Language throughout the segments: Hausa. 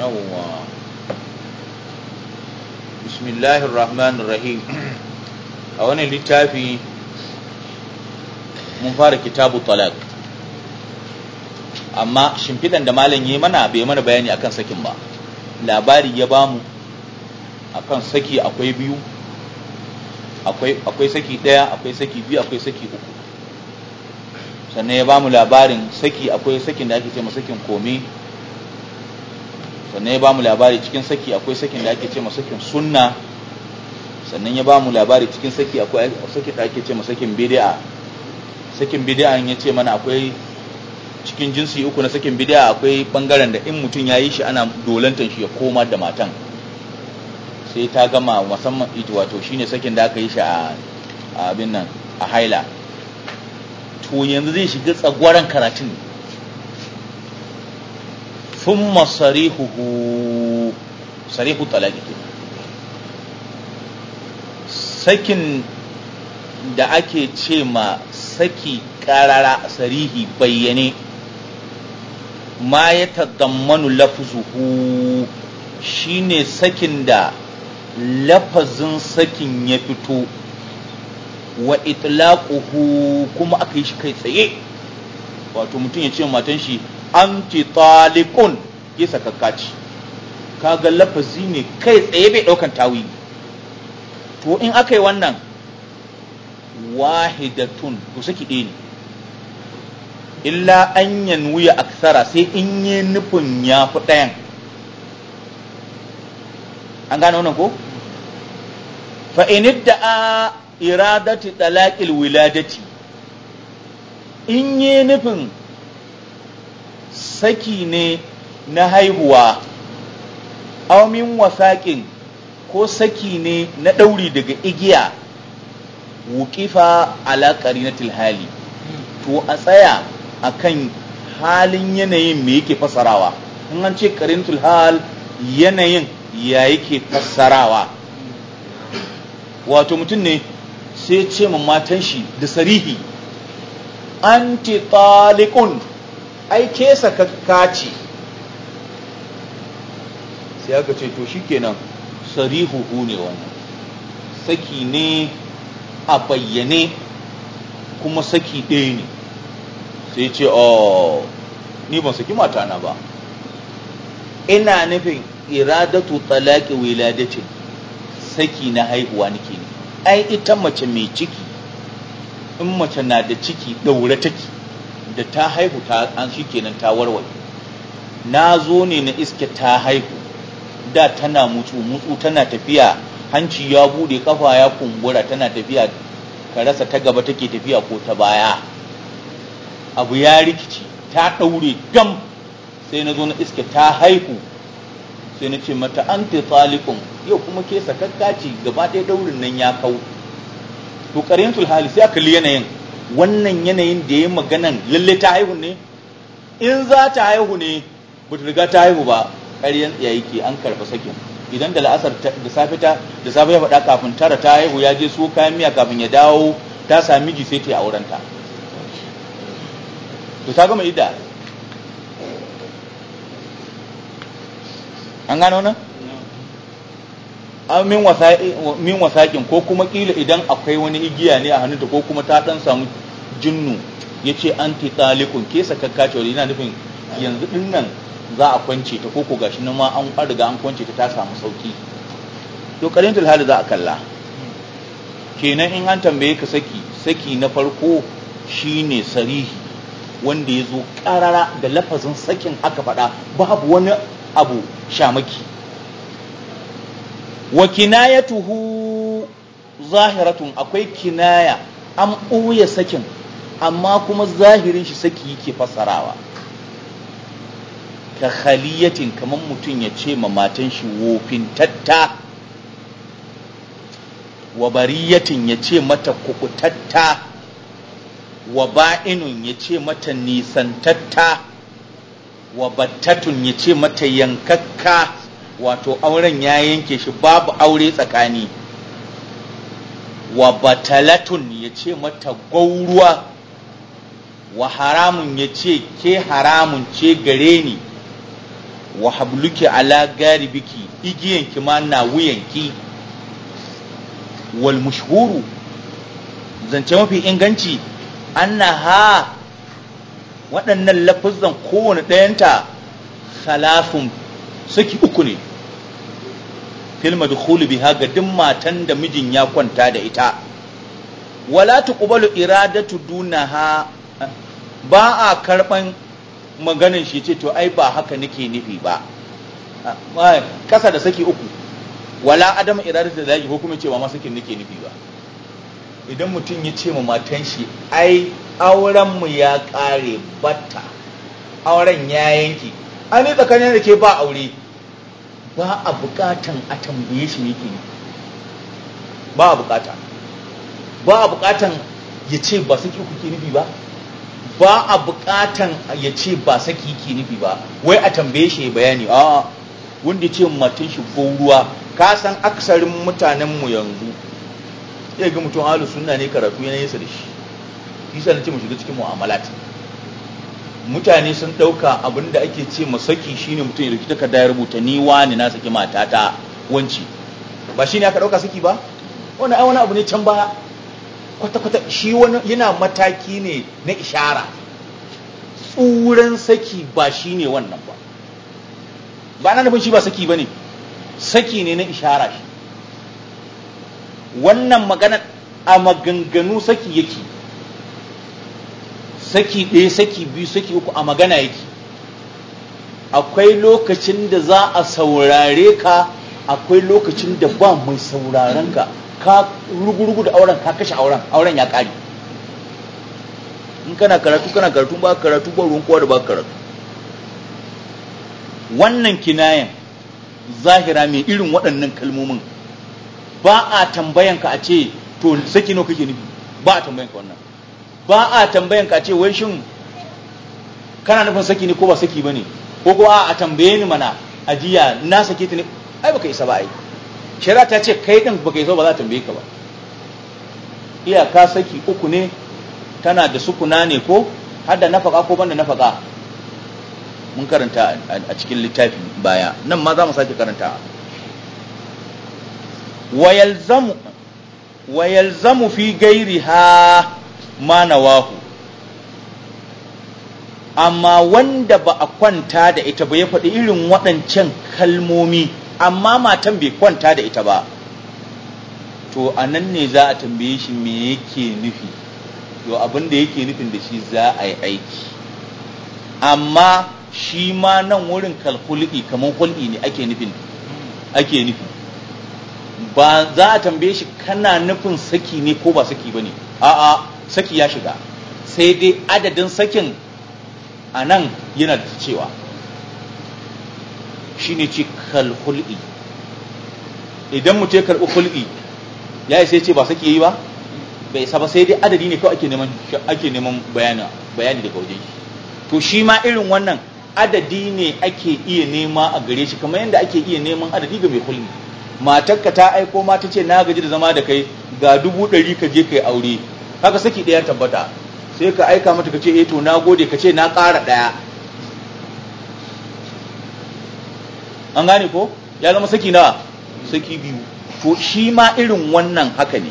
yawwa bismillahir rahmanir rahim a wannan littafi mun fara kitabu talak amma shimfidan da malam yi mana bai mana bayani akan sakin ba labari ya bamu akan saki akwai biyu akwai saki daya akwai saki biyu akwai saki uku sannan ya bamu labarin saki akwai sakin da ake ce sakin komai sannan ya ba mu labari cikin saki akwai sakin da ake ce ma sakin sunna sannan ya ba mu labari cikin saki akwai sakin da ake ce ma sakin bid'a sakin bid'a ya ce mana akwai cikin jinsi uku na sakin bid'a akwai bangaren da in mutum ya yi shi ana dolantar shi ya koma da matan sai ta gama musamman ita wato shine sakin da aka yi shi a abin nan a haila to yanzu zai shiga tsagwaron karatun ne ثم sarihuhu sarihu الطلاق sakin da ake ce ma saki karara sarihi bayyane ma ya tadammanu lafzuhu shine sakin da lafazin sakin ya fito wa itlaquhu kuma aka yi shi kai tsaye wato mutum ya ce matan shi anti taliqun ya sakakka kaga lafazi ne kai tsaye bai ɗaukan tawi to in aka yi wannan wahidatun ku saki ɗaya ne illa an yanwuya aksara sai in yi nufin ya fi ɗayan an gane wannan ko fa'inid da a iradati ɗalaƙil wiladati in yi nufin saki ne na haihuwa aumin wasaƙin ko saki ne na ɗauri daga igiya wukifa alaƙari na tilhali to a tsaya a kan halin yanayin me yake fassarawa in an ce ƙarin tilhal yanayin ya yake fassarawa wato mutum ne sai ce ma matan shi da sarihi anti talikun ai ke ka ce sai aka ce to shikenan Sarihu ne wannan saki ne a bayyane kuma saki ɗaya ne sai ce o oh, ni ban saki matana ba ina nufin iradatu talaki wiladatin saki na haihuwa nake ne ai ita mace mai ciki in mace na da ciki ɗaure take da ta haihu ta an shi kenan ta warware na zo ne na iske ta haihu da tana mutsu mutsu tana tafiya hanci ya bude kafa ya kumbura tana tafiya ka rasa ta gaba take tafiya ko ta baya abu ya rikici ta daure gam sai na zo na iske ta haihu sai na ce mata anti talikun yau kuma ke sakakka ce gaba ɗaya daurin nan ya kau to karin hali sai aka li yanayin wannan yanayin da ya yi maganan lalle ta haihu ne in za ta haihu ne ba ta riga ta haihu ba ƙaryen ya ke an karɓa sakin idan da la'asar da safe ta da safe ya faɗa kafin tara ta haihu ya je su kayan miya kafin ya dawo ta sami miji sai ta yi auren ta to ta gama idda an gano nan an min wasaƙin ko kuma ƙila idan akwai wani igiya ne a hannunta ko kuma ta ɗan samu jinnu ya ce an ti ɗalikun ke sakakka cewa yana nufin yanzu ɗin nan za a kwance ta ko ko gashi nan ma an riga an kwance ta ta samu sauki to ƙarin hali za a kalla kenan in an tambaye ka saki saki na farko shine sarihi wanda ya zo ƙarara da lafazin sakin aka faɗa babu wani abu shamaki wa kinayatuhu zahiratun akwai kinaya an ɓuya sakin amma kuma zahirin shi saki yake fasarawa ka khaliyatin kamar mutum ya ce ma matan shi wofin tatta wa bariyatin ya ce mata kukutatta wa ba'inun ya ce mata nisantatta wa battatun ya ce mata yankakka wato auren ya yanke shi babu aure tsakani wa batalatun ya ce mata gwauruwa wa haramun ya ce ke haramun ce gare ni wa habluki ala garibiki igiyanki ma na wuyanki wal mushuru zance mafi inganci ha waɗannan lafazan kowane ɗayanta salafin saki uku ne fil madkhul biha ga duk matan da mijin ya kwanta da ita wala tuqbalu iradatu dunaha ba a karban maganin shi ce to ai ba haka nake nufi ba kasa ah, da saki uku wala adam iradatu da zaki ko cewa ma sakin nake nufi ba idan mutum ya ce ma matan shi ai aurenmu ya ƙare batta auren ya yanki an yi tsakanin da ke ba aure ba a bukatan a tambaye shi yake yi ba a bukata ba a bukatan ya ce ba saki kuke nufi ba ba a bukatan ya ce ba saki ke nufi ba wai a tambaye shi ya bayani a wanda ce matan shi ruwa ka san aksarin mu yanzu ya ga mutum alu sunna ne karatu yana yasa da shi shi sa na ce mu shiga cikin mu'amalat mutane sun ɗauka abin da ake ce masaki shine mutum ya rikita takarda ya rubuta ni wani na saki matata wanci ba shine aka ɗauka saki ba wani ai wani abu ne can baya kwata-kwata shi wani yana mataki ne na ishara tsuran saki ba shine wannan ba ba na nufin shi ba saki ba ne saki ne na ishara shi wannan magana a maganganu saki yake saki ɗaya saki biyu saki uku a magana yake akwai lokacin da za a saurare ka akwai lokacin da ba mai sauraren ka ka rugurugu da auren ka kashe auren auren ya ƙare in kana karatu kana karatu ba karatu ba ruwan kowa da ba karatu wannan kinayen zahira mai irin waɗannan kalmomin ba a tambayanka a ce to saki nawa kake nufi ba a tambayanka wannan ba a tambayan ka ce wai shin kana nufin saki ne ko ba saki bane ko ko a tambaye ni mana ajiya na sake ta ne ai baka isa ba ai shari'a ta ce kai din baka isa ba za ta tambaye ka ba iyaka saki uku ne tana da sukuna ne ko har da nafaka ko banda nafaka mun karanta a cikin littafin baya nan ma za mu sake karanta wa yalzamu fi gairiha ma nawahu amma wanda ba a kwanta da ita ba ya faɗi irin waɗancan kalmomi amma matan bai kwanta da ita ba to a nan ne za a tambaye shi me yake nufi to abin da yake nufin da shi za a yi aiki amma shi ma nan wurin kalkulki kamar kulki ne ake nufin ake nufi ba za a tambaye shi kana nufin saki ne ko ba saki ba ne a'a saki ya shiga sai dai adadin sakin a nan yana da cewa shi ne ci kalhul'i idan mu ce karɓi ya yi sai ce ba saki ya yi ba bai saba sai dai adadi ne kawai ake neman bayani daga waje to shi ma irin wannan adadi ne ake iya nema a gare shi kamar yadda ake iya neman adadi ga mai hulmi matarka ta aiko ma ta ce na gaji da zama da kai ga dubu ɗari ka je kai aure kaga saki ɗaya tabbata sai ka aika mata ka ce eh to na gode ka ce na ƙara ɗaya an gane ko ya zama saki nawa saki biyu to shi ma irin wannan haka ne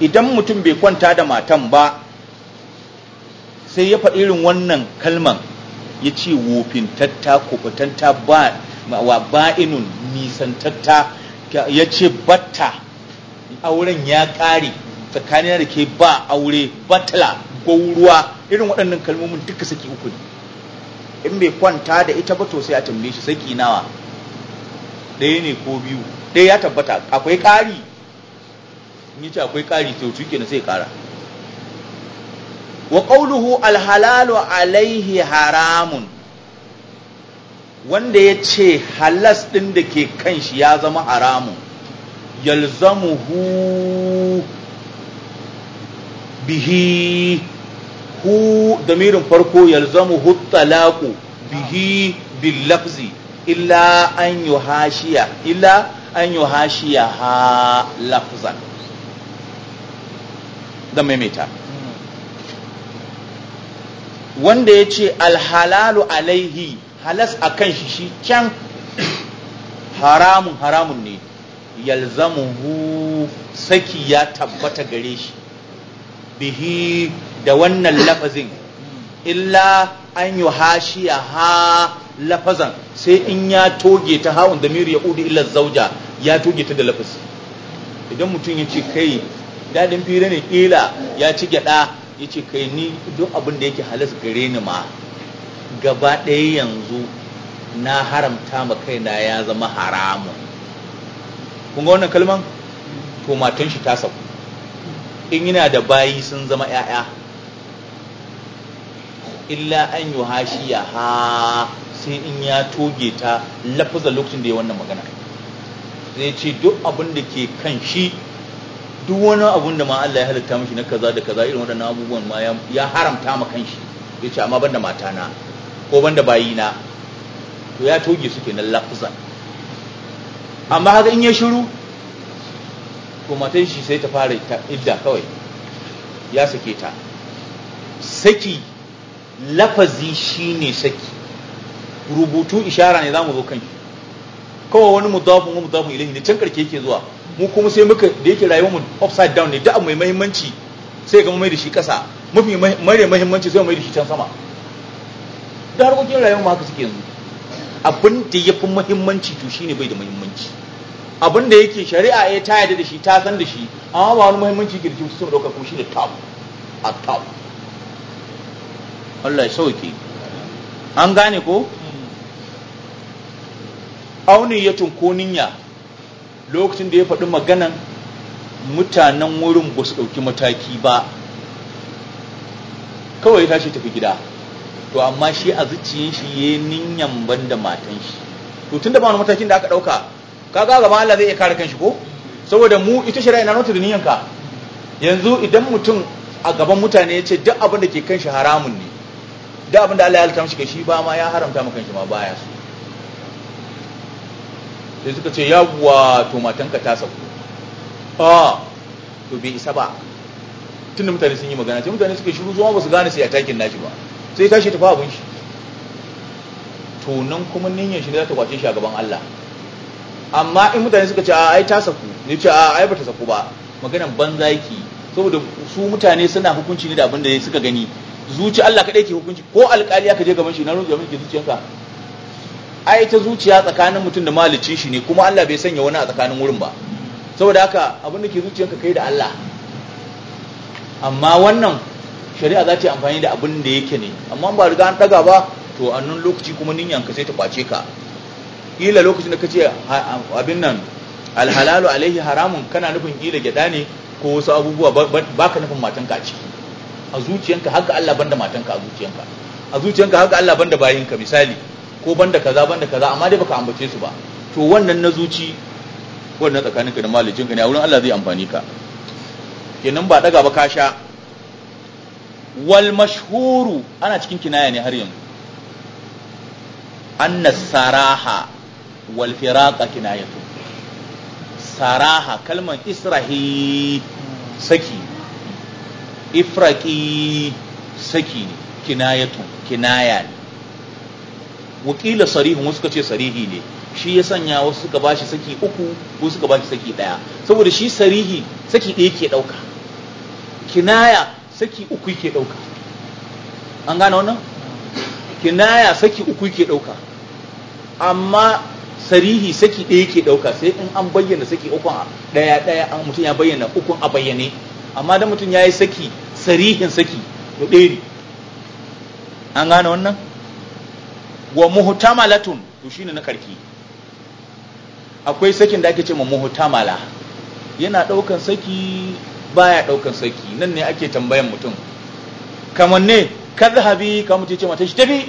idan mutum bai kwanta da matan ba sai ya faɗi irin wannan kalman ya ce wofin tatta, kubutatta ba wa ba'inun tatta, ya ce batta auren ya ƙare tsakanina da ke ba aure batla ruwa irin waɗannan kalmomin duka saki uku ne in bai kwanta da ita ba to sai a tambaye shi saki nawa ɗaya ne ko biyu ɗaya ya tabbata akwai ƙari in ce akwai ƙari to shi kenan sai ƙara wa alhalalu alaihi haramun wanda ya ce halas ɗin da ke kan shi ya zama haramun yalzamuhu bihi hu damirin farko yalzamu hu talaku bihi bil lafzi illa an yuhashiya illa an yuhashiya ha lafzan da maimaita wanda ya ce alhalalu alaihi halas a kan shi shi can haramun haramun ne yalzamuhu saki ya tabbata gare shi bihi da wannan lafazin illa an yi hashiya ha lafazan sai in ya toge ta hawan da miri ya udu illa zauja ya toge ta da lafazi idan mutum ya ce kai daɗin fira ne kila ya ci gyaɗa ya ce kai ni duk abin da yake halas gare ni ma gaba ɗaya yanzu na haramta ma kai na ya zama haramun kun ga wannan kalman to matan shi ta sauku in yana da bayi sun zama ‘ya'ya illa an yi hashi ya ha sai in ya toge ta lafuzar lokacin da ya wannan magana zai ce duk abin da ke kan shi duk wani abin da ma Allah ya halitta mashi na kaza da kaza irin waɗannan abubuwan ma ya haramta ma kan shi ya ce amma banda na, ko banda na, to ya toge su na lafuzar amma haka in ya shiru to matan shi sai ta fara idda kawai ya sake ta saki lafazi shine saki rubutu ishara ne zamu zo kan kawai wani mudafin wani mudafin ilahi ne can karke yake zuwa mu kuma sai muka da yake rayuwar mu upside down ne da mai muhimmanci sai ga mai da shi kasa mafi mare muhimmanci sai mai da shi can sama da harkokin rayuwar mu haka suke yanzu abin da yafi muhimmanci to shine bai da muhimmanci abin da yake shari'a ya ta yadda da shi ta san da shi amma ba wani muhimmanci girki su shi sun ɗauka shi da top a top Allah ya sauke an gane ko auni ya tunko ninya lokacin da ya faɗi maganan mutanen wurin ba su ɗauki mataki ba kawai ya tashi tafi gida to amma shi a zuciyin shi ya yi ninyan ban da matan shi to tun da ba wani matakin da aka ɗauka kaga gaba Allah zai iya kare kanshi ko saboda mu ita shari'a ina nota da yanzu idan mutum a gaban mutane ya ce duk abin da ke kanshi haramun ne duk abin da Allah ya halitta mishi kashi ba ma ya haramta maka kanshi ma baya su sai suka ce yawwa to matanka ta sauko a ah, to bai isa ba tunda mutane sun yi magana sai mutane suka shiru zuwa ba su gane sai takin nashi ba sai tashi tafi abin shi to nan kuma niyyar shi za ta kwace shi a gaban Allah amma in mutane suka ce a ai ta saku ne ce a ai bata saku ba maganan banza yake saboda su mutane suna hukunci ne da abin da suka gani zuci Allah kadai ke hukunci ko alƙali aka je gaban shi na rungu ke zuciyarka ai ta zuciya tsakanin mutum da malicin shi ne kuma Allah bai sanya wani a tsakanin wurin ba saboda haka abin da ke zuciyarka kai da Allah amma wannan shari'a za ta yi amfani da abin da yake ne amma ba riga an daga ba to a nan lokaci kuma ninyanka sai ta kwace ka kila lokacin da kace abin nan alhalalu alaihi haramun kana nufin kila gyada ne ko wasu abubuwa baka nufin matanka a ciki a zuciyanka haka Allah banda matanka a zuciyanka a zuciyanka haka Allah banda bayinka misali ko banda kaza banda kaza amma dai baka ambace su ba to wannan na zuci wannan tsakaninka da malicinka ne a wurin Allah zai amfani ka kenan ba daga ba ka sha wal mashhuru ana cikin kinaya ne har yanzu annas saraha wal firaqa kinayatu saraha kalman israhi saki ifraqi saki ne kinayatu kinaya ne wakila Sarihu wasu suka ce sarihi ne shi ya sanya wasu suka bashi saki uku wasu suka bashi saki daya saboda shi sarihi saki ɗaya ke ɗauka kinaya saki uku ke ɗauka an gane wannan kinaya saki uku ke ɗauka amma sarihi saki ɗaya ke ɗauka sai in an bayyana saki ukun ɗaya ɗaya an mutum ya bayyana ukun a bayyane amma da mutum ya yi saki sarihin saki to ɗaya ne an gane wannan wa muhtamalatun to shine na karki akwai sakin da ake ce ma muhtamala yana ɗaukan saki baya ɗaukan saki nan ne ake tambayan mutum kamar ne kadhabi kamar ce mata shi tafi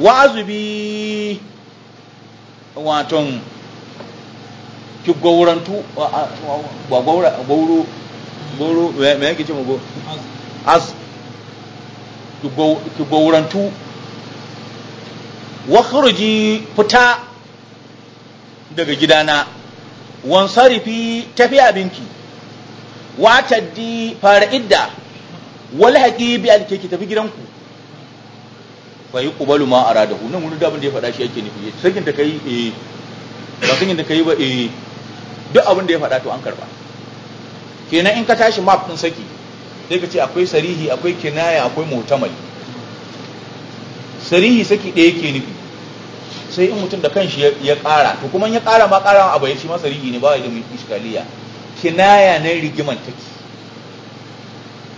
wa azubi waton ki gaurantu wa gaura gauro gauro me yake ce mugo az ki gaurantu wa khuruji futa daga gidana wan sarifi tafi abinki wa taddi fara idda wal haqi bi alkiki tafi gidanku fa kubalu ma radahu nan wani da da ya faɗa shi yake nufi sakin da kai eh ba sakin da kai ba eh duk abin da ya faɗa to an karba kenan in ka tashi map din saki sai ka ce akwai sarihi akwai kinaya akwai mutamali sarihi saki ɗaya ke nufi sai in mutum da kanshi ya ƙara to kuma ya ƙara ma ƙara abu ya shi ma sarihi ne ba ya da mai iskaliya kinaya na rigiman take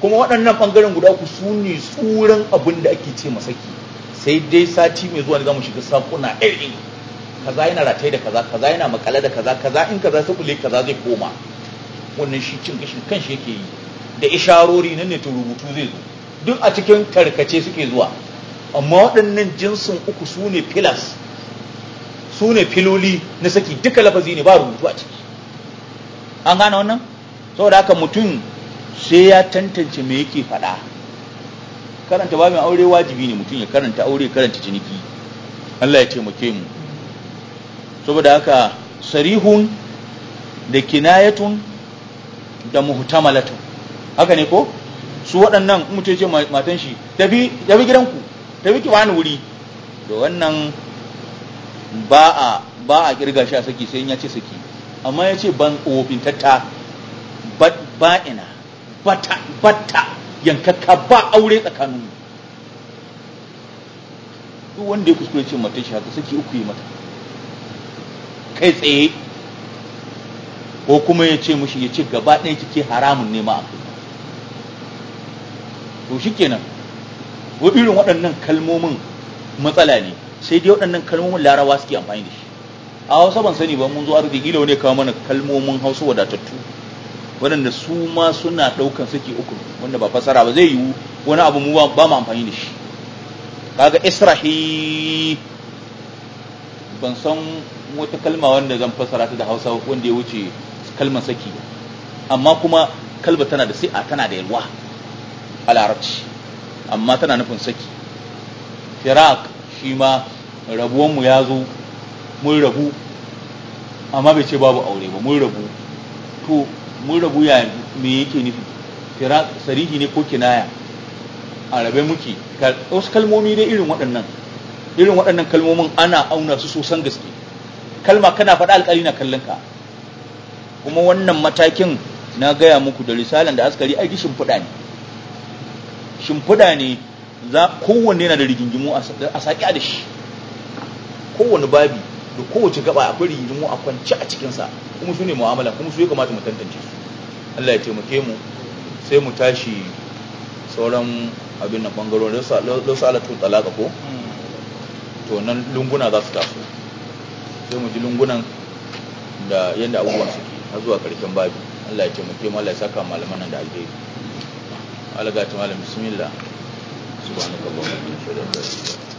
kuma waɗannan ɓangaren guda ku su ne tsoron abin da ake ce masaki sai dai sati mai zuwa za mu shiga sakuna iri kaza yana rataye da kaza kaza yana makale da kaza kaza in kaza ta kule kaza zai koma wannan shi cin gashin kanshi yake yi da isharori nan ne to rubutu zai zo duk a cikin tarkace suke zuwa amma waɗannan jinsin uku su ne filas su ne filoli na saki duka lafazi ne ba rubutu a ciki an gane wannan saboda haka mutum sai ya tantance me yake faɗa karanta babin aure wajibi ne mutum ya karanta aure karanta ciniki Allah ya taimake mu saboda haka sarihun da kinayatun da muhtamalatun haka ne ko su waɗannan mutum ce matan shi tafi gidanku tafi ki wani wuri da wannan ba a ba a kirga shi a saki sai ya ce saki amma ya ce ban ba ba'ina bata bata yankakka ba aure tsakanin duk wanda ya kuskure ce mata shi haka saki uku yi mata kai tsaye ko kuma ya ce mushi ya ce gaba ɗaya kike haramun nema a kai to shikenan ko irin waɗannan kalmomin matsala ne sai dai waɗannan kalmomin larawa suke amfani da shi a hausa ban sani ba mun zo arziki ne kawo mana kalmomin hausa wadatattu waɗanda su ma suna ɗaukan saki uku wanda ba fasara ba zai yiwu wani abu mu ba mu amfani da shi kaga israhi ban san wata kalma wanda zan fasara ta da hausa wanda ya wuce kalmar saki amma kuma kalba tana da saia tana da yalwa a larabci amma tana nufin saki Firak, shi ma rabuwanmu ya zo mun rabu amma bai ce babu aure ba mun rabu to mun rabu ya me yake nufi firak sarihi ne ko kinaya a rabe muke wasu kalmomi dai irin waɗannan irin waɗannan kalmomin ana auna su sosan gaske kalma kana faɗa alƙali na kallon ka kuma wannan matakin na gaya muku da risalan da askari aiki shimfiɗa ne shimfiɗa ne za kowanne yana da rigingimu a saƙi a da shi kowane babi da kowace gaba akwai rigingimu a kwance a cikinsa kuma su ne mu'amala kuma su ya kamata mu tantance su Allah ya taimake mu sai mu tashi sauran abin nan bangarorin da su alatu talaka ko to nan lunguna za su taso sai mu ji lungunan da yadda abubuwan ke har zuwa karshen babi Allah ya taimake mu Allah ya saka malaman nan da alheri Allah ga ta malam bismillah subhanakallahumma wa bihamdika